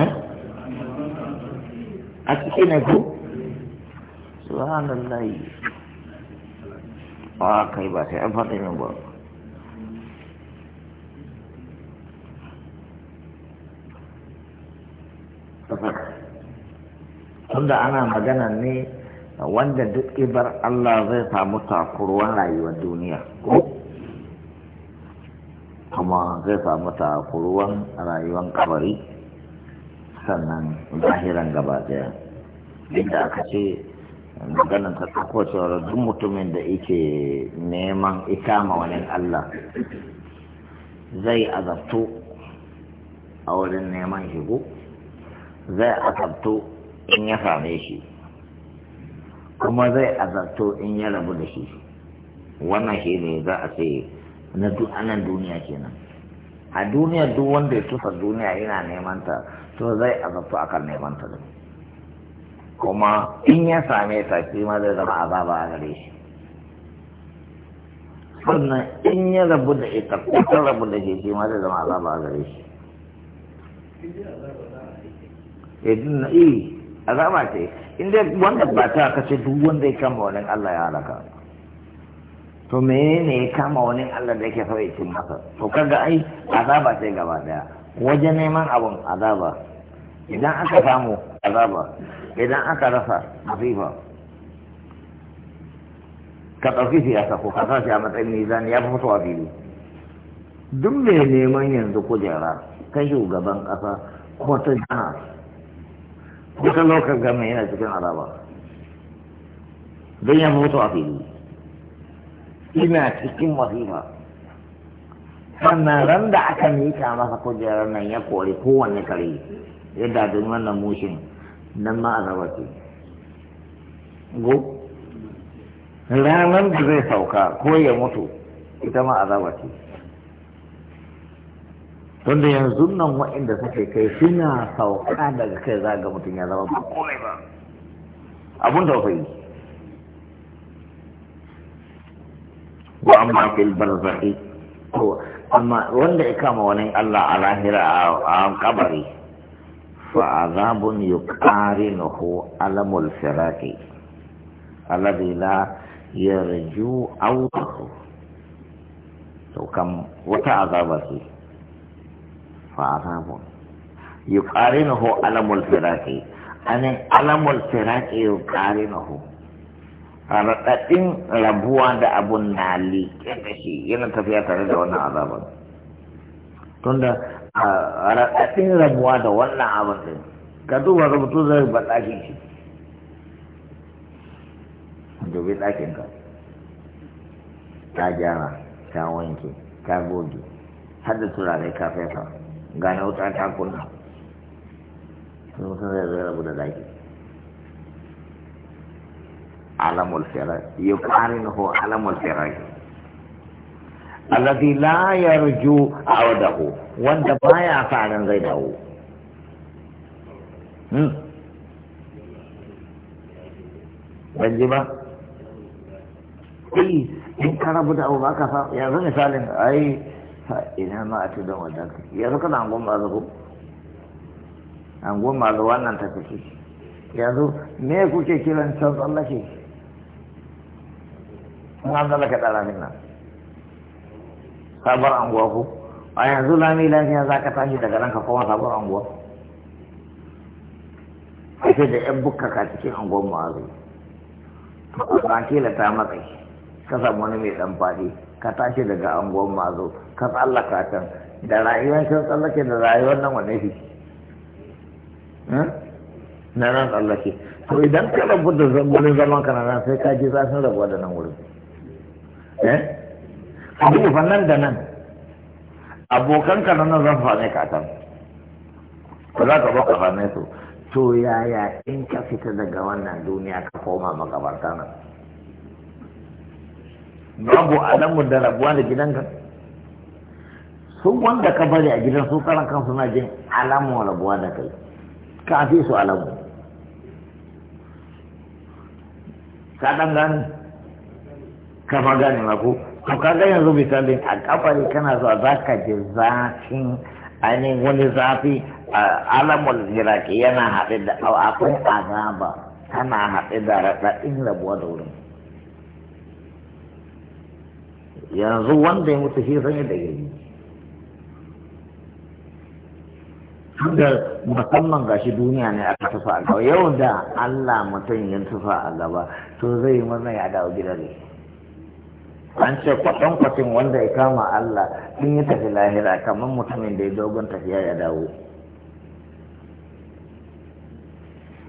Eh? a ciki ne ku subhanallah a ah, kai ba sai an min ba tunda ana magana ne wanda duk ibar Allah zai samu takurwan rayuwar duniya ko zai samu takuruwan rayuwan kabari sannan zahiran gaba daya inda aka ce maganin ta tsako cewar duk mutumin da yake neman ikama wani Allah zai azabto a wurin neman shigo zai azabto in ya same shi kuma zai azabto in ya rabu da shi wannan shi ne za a ce na duk anan duniya kenan a duniya duk wanda ya tufa duniya yana neman ta to zai azabtu akan neman ta kuma in ya same ta shi ma zai zama azaba a gare shi sannan in ya rabu da ita ko ta rabu da shi shi ma zai zama azaba a gare shi eh, eh azaba ce inda wanda ba ta kace duk wanda ya kama wani Allah ya halaka to menene ya kama wani Allah da yake so ya cin to kaga ai azaba sai gaba daya wajen neman abun azaba idan aka samu azaba idan aka rasa azifa ka ɗauki siyasa ko ka sa shi a matsayin nizan ya fi mutuwa fili duk mai neman yanzu kujera ta shugaban ƙasa ko ta jana ko ta lokacin gama yana cikin azaba don ya fi mutuwa fili ina cikin wahima sannan ran da aka mika masa kujerar nan ya kori kowanne kare ya dadin wannan mushin nan ma a ce go ranar da zai sauka ko ya mutu ita ma azaba ce tunda yanzu nan wa'inda suke kai suna sauka daga kai za ga mutum ya zama ba komai ba abun da yi wa amma fil barzakhi to amma wanda ya kama wani Allah a lahira a kabari fa azabun yuqarinuhu alamul firaqi alladhi la yarju awtahu to kam wata azaba ce fa azabun yuqarinuhu alamul firaqi anan alamul firaqi yuqarinuhu raɗaɗin rabuwa da abun na liƙe da shi yana tafiya tare da wannan azabar tunda raɗaɗin rabuwa da wannan abun din ka duba rubutu zai ba ɗakin shi dubi ɗakin ka ta gyara ta wanke ta goge har da turare ka fesa gane wuta ta kunna sun zai rabu da ɗakin alamul firar yuqarinu alamul firar alladhi la yarju awdahu wanda baya faran zai dawo hmm ban ji ba eh in ka rabu da abu baka fa yanzu misalin ai ina ma a tudun wajen yanzu kana angon mazu ko angon mazu wannan ta fi yanzu me kuke kiran can tsallake in an zala ka ɗara min nan sabuwar anguwa ku a yanzu lami lafiya za ka tashi daga nan ka koma sabuwar anguwa ake da yan bukka ka cikin anguwan ma'azu ba kila ta matsayi ka samu wani mai ɗan faɗi ka tashi daga anguwan ma'azu ka tsallaka can da rayuwar can tsallake da rayuwar nan wane fi hmm? na nan tsallake to idan ka rabu da wurin zaman ka na nan sai ka ji zafin rabuwa da nan wurin eh ka duba fannan da nan abokan ka nan zan fane ka kan ba za ka baka fane su to yaya in ka fita daga wannan duniya ka koma magabarta nan babu alamu da rabuwa da gidanka su wanda ka bari a gidan su karan kansu na jin alamu rabuwa da kai ka fi su alamu ka dan gani kafa gane ma ko to kaga yanzu misali a kafari kana zuwa za ka ji zafin ainihin wani zafi alamun jiraki yana haɗe da akwai azaba tana haɗe da raɗaɗin rabuwa da wurin yanzu wanda ya mutu shi yi. da gari da musamman gashi duniya ne aka tufa a gaba yau da Allah mutum ya tufa a gaba to zai yi murna ya dawo gidan ne an ce kwaton kwatin wanda ya kama Allah in yi tafi lahira kamar mutumin da ya dogon tafiya ya dawo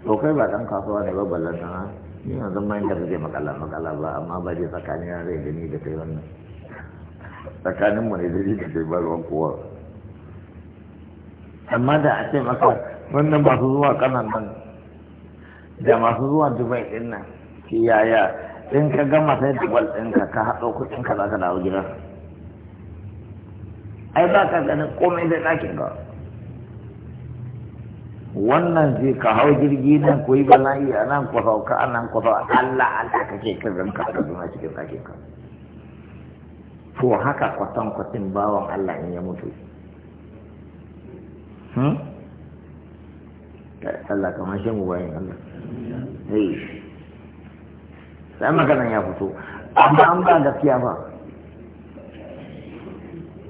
to kai ba ɗan kasuwa ne ba ballan sana ni yanzu ma inda zai makala makala ba amma ba je tsakanin yana zai gani da kai wannan tsakanin mu ne zai da kai ba ruwan kowa amma da a ce maka wannan masu zuwa kanan nan da masu zuwa dubai ɗin nan yaya in ka gama sai da gwal ɗinka ka haɗo kuɗin ka za ka dawo gidan ai ba ka ganin komai da ɗakin ba wannan zai ka hau jirgi nan ko yi bala'i a nan ku hau ka a nan ku hau Allah Allah ce ka ranka ka zama cikin ɗakin ka to haka kwatan kwatin bawan Allah in ya mutu hmm? Allah kamar shi mu bayan Allah sai maganan ya fito amma an ba gaskiya ba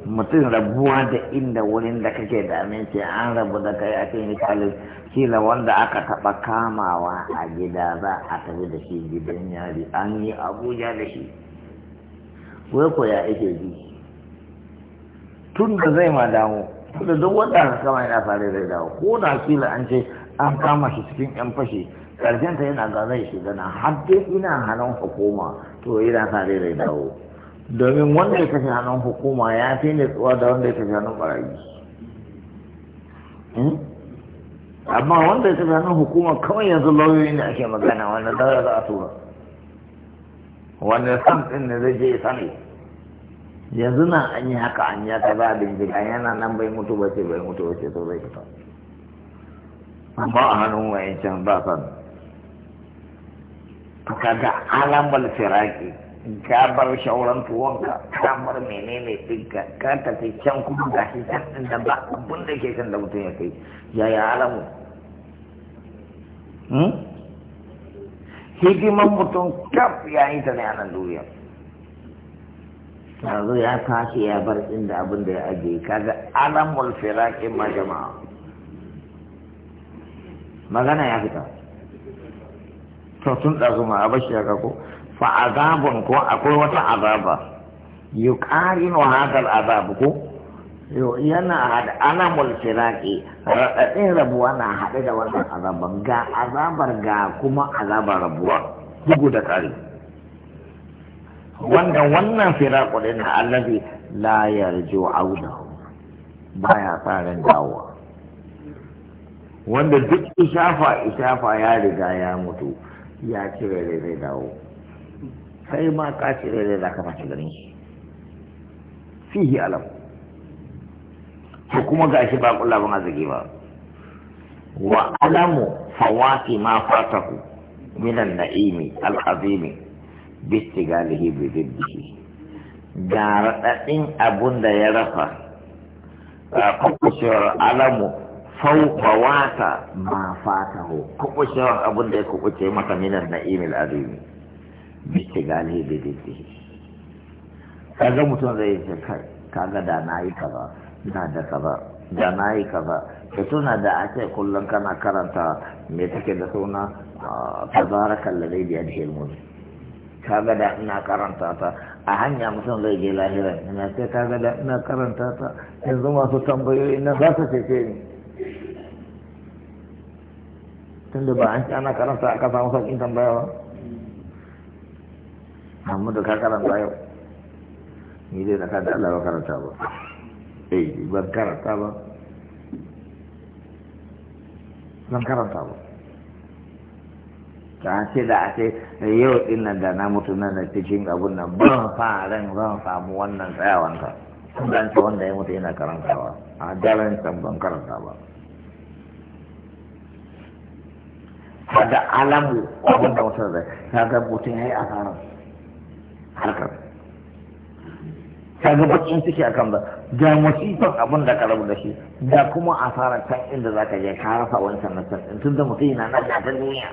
mutum rabuwa da inda wurin da kake da aminci an rabu da kai a cikin kalin kila wanda aka taba kamawa a gida za a tafi da shi gidan yari an yi abuja da shi wai ko ya ake ji tun da zai ma damu da duk wanda aka kama yana fare da dawo ko da kila an ce an kama shi cikin yan fashi karshen ta yana ga zai shiga na hadde ina hannun hukuma to yana sa zai zai dawo domin wanda ya kashe hannun hukuma ya fi ne tsuwa da wanda ya kashe hannun barayi hmm? amma wanda ya kashe hannun hukuma kawai yanzu lauyoyi ne ake magana wanda za a tura wanda sam ɗin ne zai je ya sani yanzu na an yi haka an yi haka za a bincika yana nan bai mutu ba ce bai mutu ba ce to zai fita amma a hannun can ba sani to kaga alamar firaki ka bar shauran tuwonka ka bar menene ɗinka ka tafi can kuma ga shi can ɗin da ba abin da ke kan da mutum ya kai ya yaya alamu hmm? hidiman mutum kaf ya yi ta ne a nan duniya yanzu ya tashi ya bar inda abin da ya ajiye kaga alamul firaki ma jama'a magana ya fita to sun ɗazu ma a bashi ya ko fa azabun ko akwai wata azaba ƙari wa hadal azabu ko yana hada alamul firaqi raɗaɗin rabuwa na haɗe da wannan azaban ga azabar ga kuma azabar rabuwa bugu da ƙari wanda wannan na din Layar la yarju ba baya tsarin dawowa wanda duk ishafa ishafa ya riga ya mutu ya cire da zai dawo sai ma ka cire da za ka fashe garin shi fihi alam ko kuma ga shi ba kula ban arziki ba wa alamu fawati ma fataku minan na'imi al'azimi azimi bistigalihi bi dibbihi ga raɗaɗin abunda da ya rafa a alamu fauka wasa ma fatahu kukushe abin da ya kubuce maka minan na'imil azimi bishi galihi da diddihi kaga mutum zai yi kai kaga da na yi kaza na da kaza da na yi kaza ka tuna da a ce kullum kana karanta me take da suna ah, tabarakan lalai da yadda ne kaga da ina karanta ta a hanya mutum zai je lahira ina ce kaga da ina karanta ta yanzu masu tambayoyi na za su ce ni tunda ba an ci ana karanta aka samu sauƙin tambaya ba da ka karanta yau ni dai tsaka da Allah ba karanta ba eh ban karanta ba ban karanta ba ta ce da a ce eh, yau din nan da na mutu nan da cikin abun nan ban faran zan samu wannan tsayawanka ban ce wanda ya mutu yana karantawa a daren can ban karanta ba da alamu abin da wata zai ga mutum ya yi asarar harkar ga bakin suke a kan ba ga musifan abin da ka rabu da shi da kuma asarar can inda za ka je ka rasa wancan na can tun da mutum yana nan ta duniya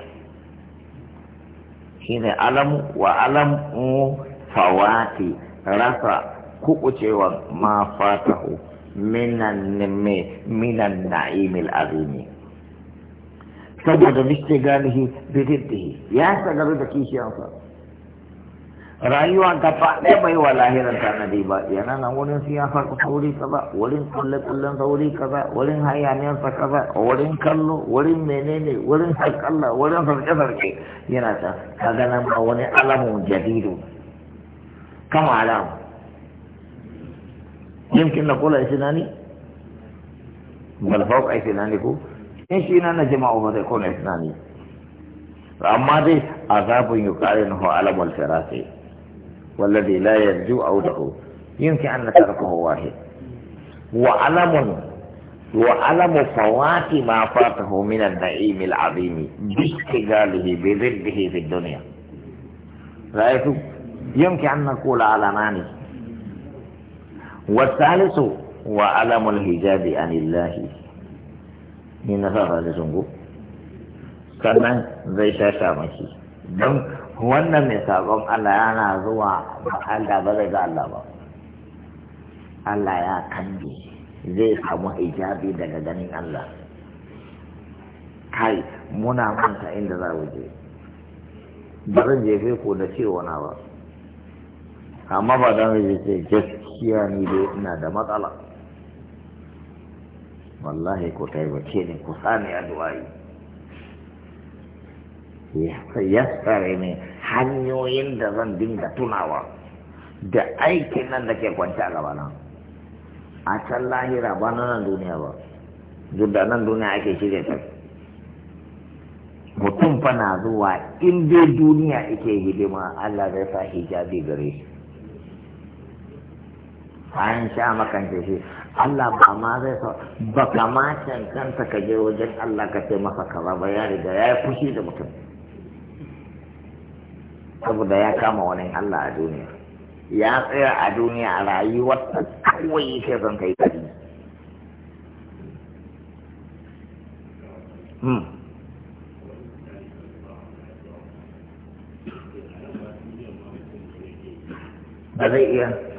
shine alam wa alam mu fawati rasa kukucewa ma fatahu minan minan na'imil azimi saboda mishte galihi bididdihi ya sagaru da kishiyarsa rayuwa gaba ɗaya bai wa ta tanadi ba yana nan wurin siyasar sauri kaza wurin kulle kullen sauri kaza wurin hayaniyarsa kaza wurin kallo wurin menene wurin sarkalla wurin sarke-sarke yana ta kaga nan ma wani alamun jadidu kama alamu yimkin na kula isinani bal fawqa nani ko in shi na na jama'u ba zai kone tunani amma dai azabun والذي لا يرجو عوده يمكن أن تركه واحد وعلم وعلم فوات ما فاته من النعيم العظيم باشتغاله بضده في الدنيا رأيتم يمكن أن نقول ماني والثالث وعلم الحجاب عن الله ni na sa da zungu sannan zai sha maki don wannan mai sabon Allah yana zuwa ba Allah ba zai ga Allah ba Allah ya kange zai samu hijabi daga ganin Allah kai muna manta inda za mu je ba zan jefe ko da cewa na ba amma ba don rage gaskiya ni dai ina da matsala wallahi ko taimace ne ku sami addu'ai ya tsare ne hanyoyin da zan dinga tunawa da aikin nan da ke kwanci a gabana a can lahira ba na nan duniya ba duk da nan duniya ake shirya ta mutum fa na zuwa in dai duniya ike hidima Allah zai sa hijabi gare shi an sha makance shi Allah ba ma zai sa ba kama kanta ka je wajen Allah ka ce masa kaza ba ya riga ya yi fushi da mutum saboda ya kama wani Allah a duniya ya tsaya a duniya a rayuwar ta kawai yake zan kai kadi hmm. ba zai iya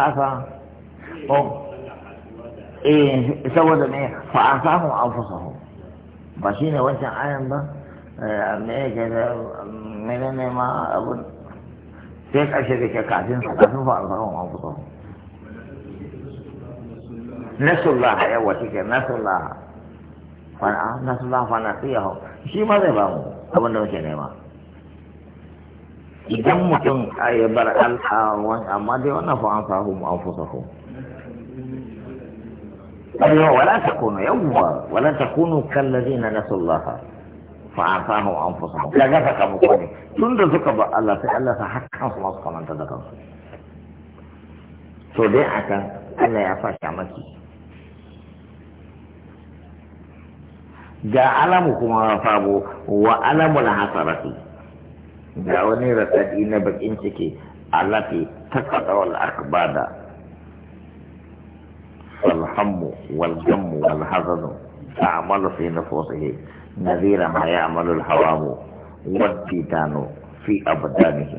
kasa oh eh saboda ne fa asahum anfusahum ba shine wancan ayan ba eh, me yake menene ma abu sai kashe da ke kafin sa kafin fa asahum anfusahum nasullah yawa shike nasullah fa ah, nasullah fa nasiyahum shi ma zai ba mu abin da muke nema idan mutum ya bar al'awa amma dai wannan fa an fahu mu an fusa wala ta kunu yawwa wala ta kunu kallazina nasallaha fa an fahu an fusa ku daga ka kamu ko ne suka ba Allah Allah sa hakkan su masu kamanta da kansu to dai akan Allah ya fasha maki ga alamu kuma fabo wa alamu la hasarati ga wani rasadi na bakin ciki alati ta faɗa wal akbada wal hammu wal gammu wal hazanu ta amalu fi nafosihi nazira ma ya amalu hawamu wadda dano fi abadanihi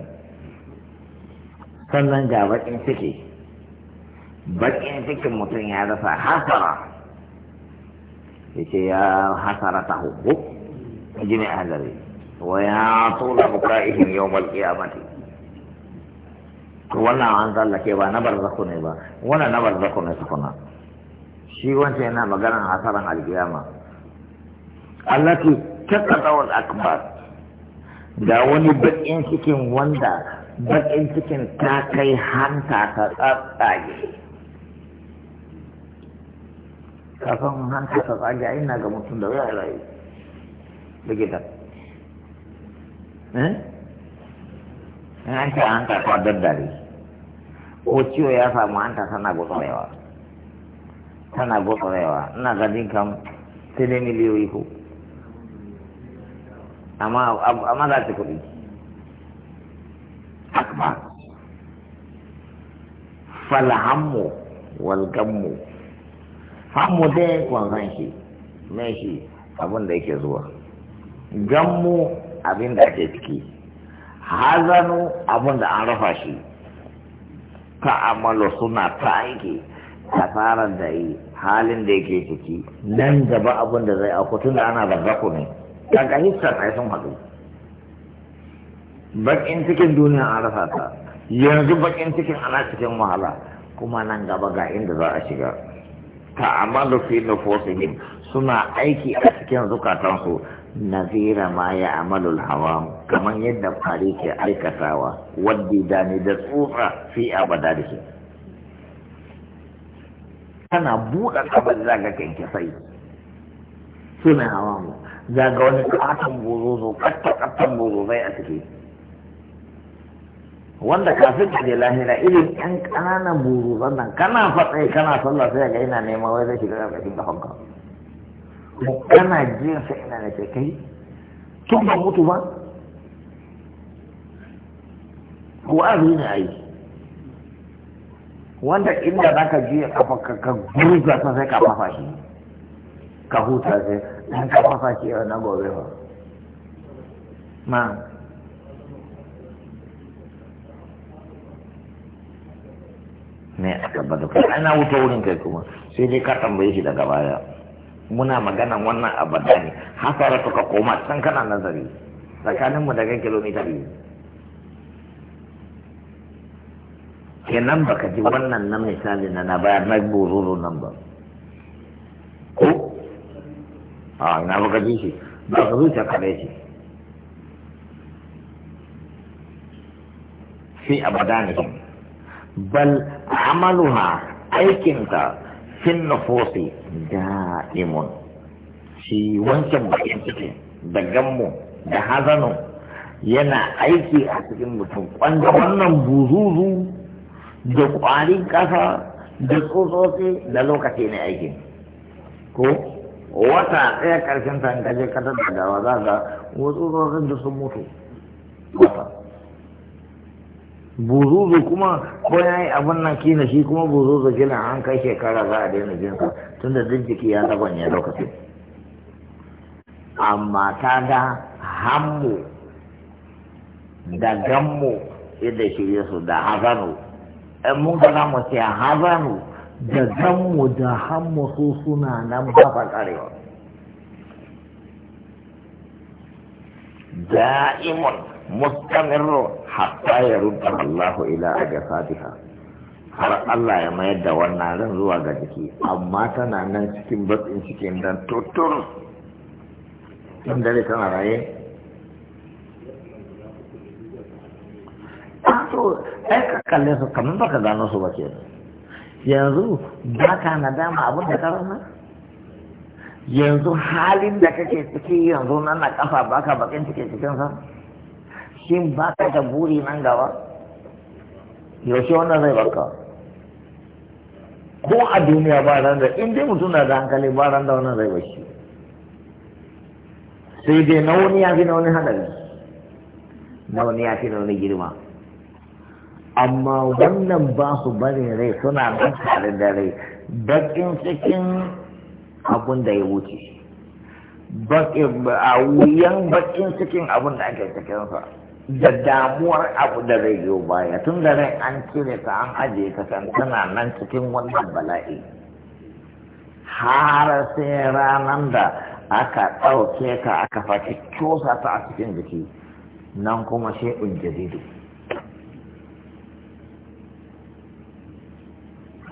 sannan ga bakin ciki bakin cikin mutum ya rasa hasara Ya ce ya hasara ta hukuk jini a waya tola buka'ihim yawmal qiyamati to wannan an ke ba na barzaku ne ba wannan na barzaku ne tukuna shi wancan yana magana maganar hasaran alkiyama allati tatatawal akbar da wani bakin cikin wanda bakin cikin ta kai hanta ta tsatsage kafin hanta ta tsage ina ga mutum da wani rayu da gidan an ce an karfa daddare ko o ya samu an ta tana gutsarewa tana gutsarewa ina ganin kam sai dai miliyoyi ko amma za ta kuɗi akbar falhammu walgammu hammu dai wanzan shi mai shi abin da yake zuwa gammu abin da ake ciki hazanu abin da an rafa shi ta'amalu suna ta aiki kasarar da yi halin da yake ciki nan gaba abin da zai auku tun da ana barzaku ne daga hissar ai sun haɗu bakin cikin duniya an rasa ta yanzu bakin cikin ana cikin wahala kuma nan gaba ga inda za a shiga amalo fi nufusihim suna aiki a cikin zukatansu nazira ma ya amalul hawa kamar yadda fari ke aikatawa wadda da ni da tsufa fi abada da shi kana buɗa kabar zaga kanke sai suna hawa mu zaga wani katon bozozo katta kattan bozozai a ciki wanda kafin ka je lahira irin yan ƙananan bozozan nan kana fatsai kana sallah sai ga ina neman wai zai shiga ƙarƙashin hankali kana jiya sa ina da ke kai tun ba mutu ba wa'azi ne a yi wanda inda za ka jiya kafa ka gurga sa sai ka fafa shi ka huta sai dan ka fafa shi yau na gobe ba ma ne aka bada ana wuta wurin kai kuma sai dai ka tambaye shi daga baya muna magana wannan abada ne hasara ka koma can kana nazari tsakaninmu da kan kilomita biyu kenan baka ji wannan na misali na na bayar na bururu nan ba ko a na baka ji shi ba ka zuciya kare shi fi abadanihim bal amaluha aikinta fin nufosi da'imun shi wancan bakin ciki da gammu da hazanu yana aiki a cikin mutum wanda wannan buzuzu da ƙwarin ƙasa da tsotsotsi da lokaci ne aiki ko wata ɗaya ƙarshen ta in da ka za ga wasu tsotsotsin da sun mutu wata buzuzu kuma ko ya yi abin nan kina shi kuma buzuzu kina an kai shekara za a daina jinsa tun da jiki ya zaban ya lokacin amma ta da hammu da gammu yadda shi yasu da hazanu in mun ga za mu ce hazanu da gammu da hammu su suna nan ba fa karewa da'imun mustamirru hatta ya rudda Allahu ila ajsadiha har Allah ya mayar da wannan ran zuwa ga jiki amma tana nan cikin batsin cikin dan tutur Ɗan dare tana raye to ai ka kalle su kamar baka gano su ba ke yanzu ba ka nadama abin da ka yanzu halin da kake ciki yanzu nan na kafa baka bakin cikin cikin sa shin ba ka da buri nan gaba yaushe wannan zai baka ko a duniya ba ran da in dai mutum na da hankali ba ran da wannan zai bashi sai dai na wani ya fi na wani hadari na wani ya fi na wani girma amma wannan ba su bane rai suna nan tare da rai bakin cikin abun da ya wuce a wuyan bakin cikin abun da ake cikinsa da damuwar abu da zai yiwu baya tun da rai an cire ta an ajiye ta kan tana nan cikin wannan bala'i har sai ranar da aka ɗauke ka aka faci cosa ta a cikin jiki nan kuma sai in jadidu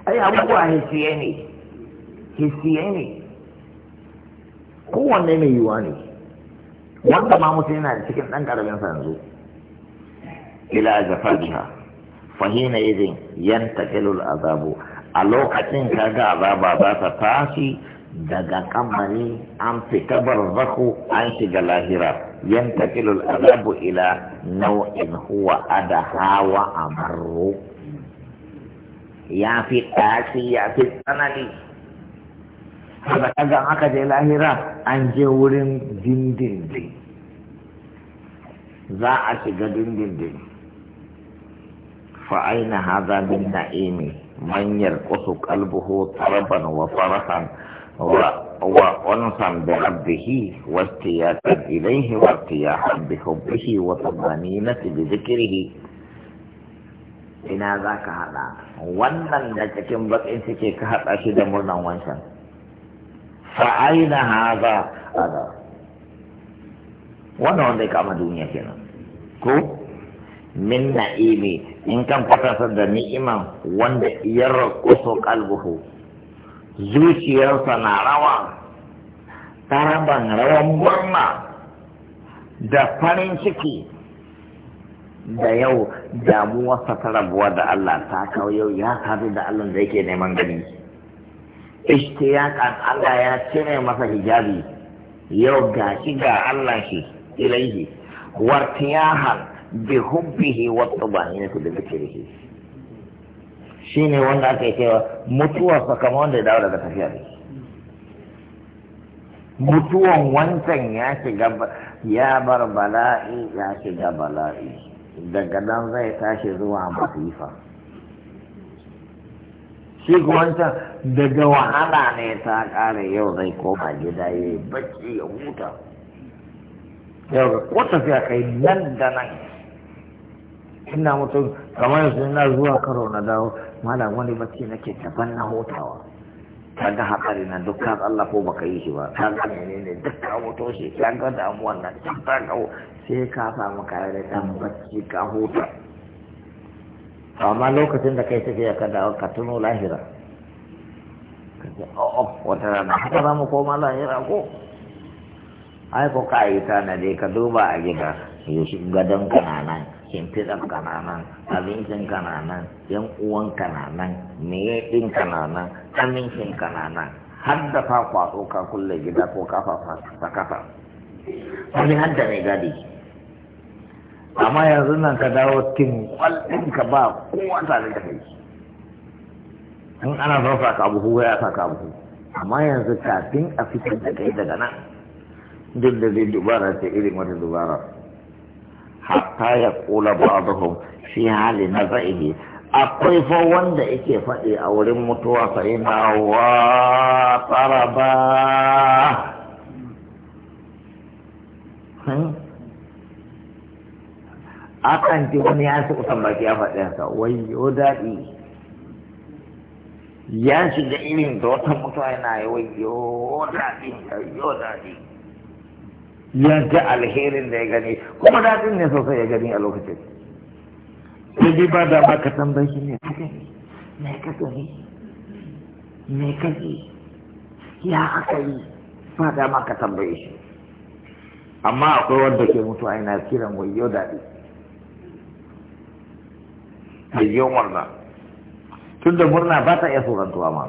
ai abubuwa hisiye ne hisiye ne kowanne mai yiwuwa ne wanda ma mutum yana da cikin ɗan ƙaramin sa yanzu ila jafadiha fahina Yanta yantakilu azabu a lokacin kaga azaba za ta tashi daga kamari an fita barzaku an shiga lahira yantakilu azabu ila nau'in huwa adaha a amarru ya fi tashi ya fi tsanani haka kaga aka je lahira an je wurin dindindin za a shiga dindindin فأين هذا من نعيم من يرقص قلبه طربا وفرحا وأنصا بربه واستياقا إليه وارتياحا بحبه وطمأنينة بذكره ina za ka haɗa wannan da cikin bakin suke ka haɗa shi da murnan wancan fa'aina haza ada wannan wanda ya kama duniya kenan ko min na'imi in kan kwatansa da ni'iman wanda ya so kalbuhu zuciyarsa na rawa taraban rawan murna da farin ciki da yau damuwarsa ta rabuwa da Allah ta kawo yau ya sadu da Allah da yake neman gani kan Allah ya cire masa hijabi yau gashi ga Allah shi ilaihi wartiyahan bihubbihi wa tubahinati da Shi ne wanda aka yi cewa mutuwa sakamakon wanda ya dawo daga tafiya ne mutuwan wancan ya shiga ya bar bala'i ya shiga bala'i daga nan zai tashi zuwa masifa shi wancan daga wahala ne ta kare yau zai koma gida ya yi bacci ya huta yau ko tafiya kai nan da nan ina mutum kamar yanzu ina zuwa karo na dawo malam wani bacci nake daban na hutawa kaga haƙari na dukkan Allah ko baka yi shi ba kaga menene ka hoto shi kaga damuwan nan ta kawo sai ka samu kayan da dan bacci ka huta amma lokacin da kai tafiya ka dawo ka tuno lahira kace oh oh wata rana haka za mu koma lahira ko ai ko ka yi na dai ka duba a gida yau gadon kana nan shimfiɗar kananan abincin kananan yan uwan kananan meye ɗin kananan amincin kananan har da ka kwaɗo ka kulle gida ko kafa ta kafa wani har da mai gadi amma yanzu nan ka dawo tin kwalɗin ka ba kowa tare da kai in ana son sa ka buhu ya sa ka buhu amma yanzu kafin a fitar da kai daga nan duk da zai dubara ce irin wata dubara hatta ya kula ba'dhum fi hali na za'ihi akwai fa wanda yake faɗi a wurin mutuwa fa ina wa taraba hmm? akan ji wani ya su kusan baki ya faɗi haka wai yo daɗi ya shiga irin da wata mutuwa yana yi wai yo daɗi yo daɗi ya ga alherin da ya gani kuma daɗin ne sosai ya gani a lokacin sai bi ba da ba ka tambayi shi ne gani me ka gani me ka ya aka yi ba da ka shi amma akwai wanda ke mutuwa yana kiran wayo daɗi mai yi murna tun da murna ba ta iya tsoron tuwa ma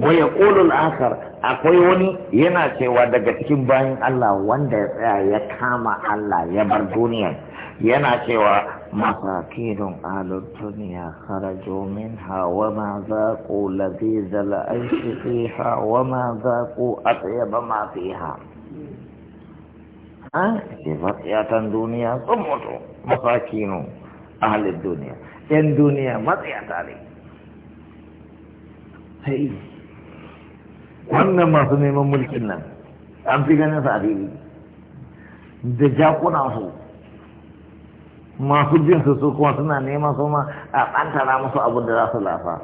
waya kolul asar akwai wani yana cewa daga cikin bayan Allah wanda ya tsaya ya kama Allah ya bar duniya yana cewa masakinun alul duniya kharajo minha wa ma zaqu ladhiza al'aishi fiha wa ma tsaye ba ma ha a ce matsiyatan duniya sun mutu masakinun ahalin duniya yan duniya matsiyata ne wannan masu neman mulkin nan an fi ganin sa a fili da jakuna su masu bin su su kuma suna neman su ma a ɓantara musu abin da za su lafa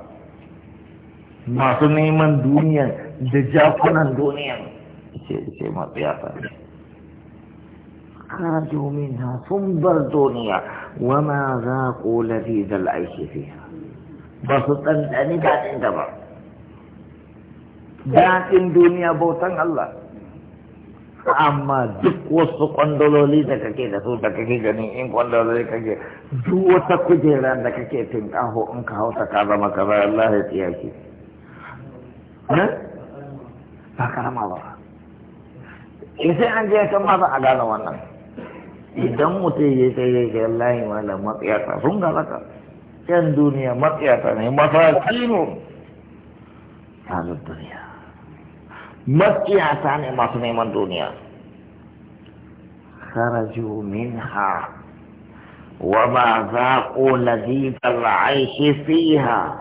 masu neman duniyan da jakunan duniyan ce ce matsiyata خرجوا منها صنبر دنيا وما ذاقوا لذيذ ba su ɗanɗani daɗin da ba. daɗin duniya bautan Allah amma duk wasu kwandololi da kake da su da kake ganin in kwandololi kake duk wata kujera da kake tun kaho in ka hauta ka zama ka bar Allah ya tsiya ki eh? ba karama ba in eh, sai an je kan ma ba a gane wannan idan mutum ya sai ya ga Allah ya wala matsiyata sun ga zaka yan duniya matsiyata ne masakinu halin duniya matsiyata ne masu neman duniya kharaju minha wa ma zaqu ladhikal aishi fiha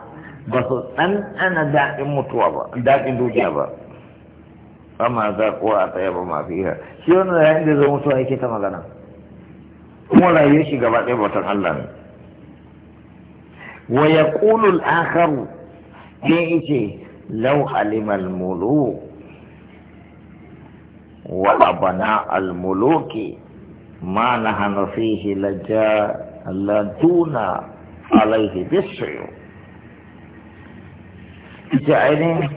ba su ɗanɗana daɗin mutuwa ba daɗin duniya ba amma za kuwa a tsaye ba mafi iya shi wani yayin da zai mutuwa yake ta magana kuma rayuwar shi gaba ɗaya bautan Allah ne wa yaqulu al-akharu ne yace law alimal al-muluk وأبناء الملوك ما نحن فيه لجاء لدونا عليه بالسيوف ita ainihin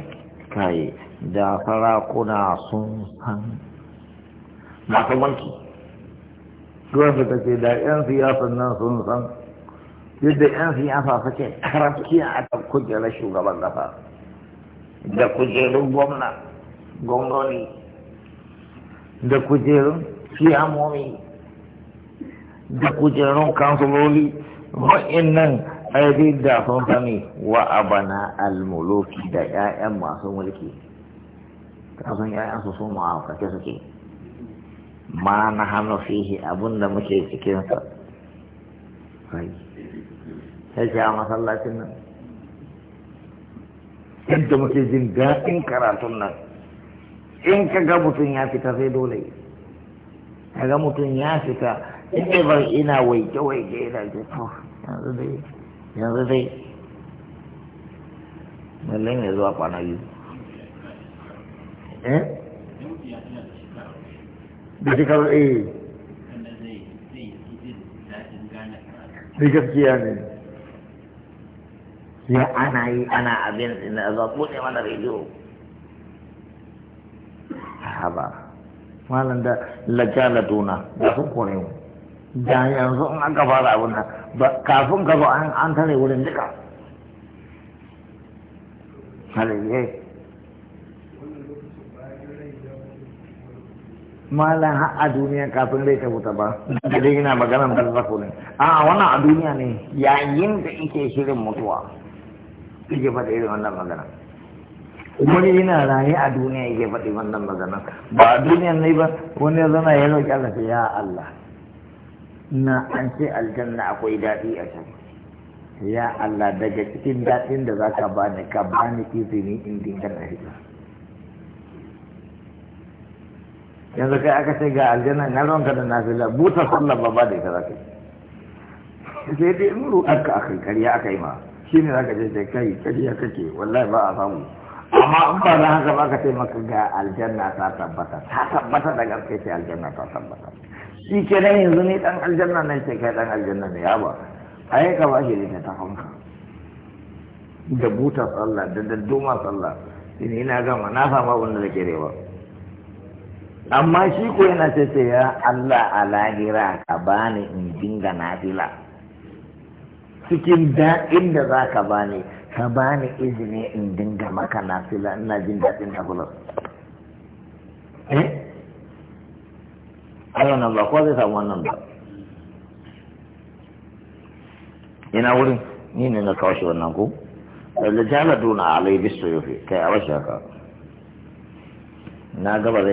kai da sarakuna sun san masu mulki duwansu ta ce da 'yan siyasan nan sun san yadda 'yan siyasa suke karafiya a kan kujerar shugaban ƙasa da kujerun gwamnoni da kujerun fiyamomi da kujerun kansuloli yi ayyadi da sun sani wa abana almuluki da 'ya'yan masu mulki kasan 'ya'yan su su ma'aikace suke ma na hannu fihi abun da muke cikinsa sai shi a masallacin nan yadda muke jin daɗin karatun nan in ka ga mutum ya fita sai dole ka ga mutum ya fita in ina waike waike ina ce to oh, yanzu dai yanzu dai zuwa kwana biyu eh da shi karo eh da gaskiya ne ya ana yi ana abin da mana rediyo haba malam da lajala duna da sun kore mu da yanzu an aka fara abin nan kafin ka zo an tare wurin duka halayyai malam har a duniya kafin zai ta wuta ba da dai yana magana barzakhu ne a wannan a duniya ne yayin da yake shirin mutuwa yake faɗa irin wannan magana wani yana raye a duniya yake faɗi wannan magana ba a duniyan ne ba wani ya zana ya roƙi Allah ya Allah na an ce aljanna akwai daɗi a can ya Allah daga cikin daɗin da za ka bani ka bani izini in dinga na hijira yanzu kai aka ce ga aljanna na ronka da nafila buta sallah ba ba da ita za ka yi sai dai in ruɗar ka kankari ya aka yi ma ne za ka je kai karya kake wallahi ba a samu amma in ba za haka ba ka ce maka ga aljanna ta tabbata ta tabbata da gaske ce aljanna ta tabbata shi ke nan yanzu ni dan aljanna nan ce kai dan aljanna ne ya ba ai ka ba shi littafin ka da buta sallah da dadduma sallah ni ina gama na samu abin da ke rewa amma shi ko yana ce ce ya Allah a lahira ka bani in dinga nafila cikin da'in da za ka bani ka ba ni izini in dinga maka na fila ina jin daɗin nafilar eh ayyana nan ba ko zai samu wannan ba ina wurin ni ne na kawo shi wannan ko da jala duna alai bisu yofi kai a washe haka na gaba zai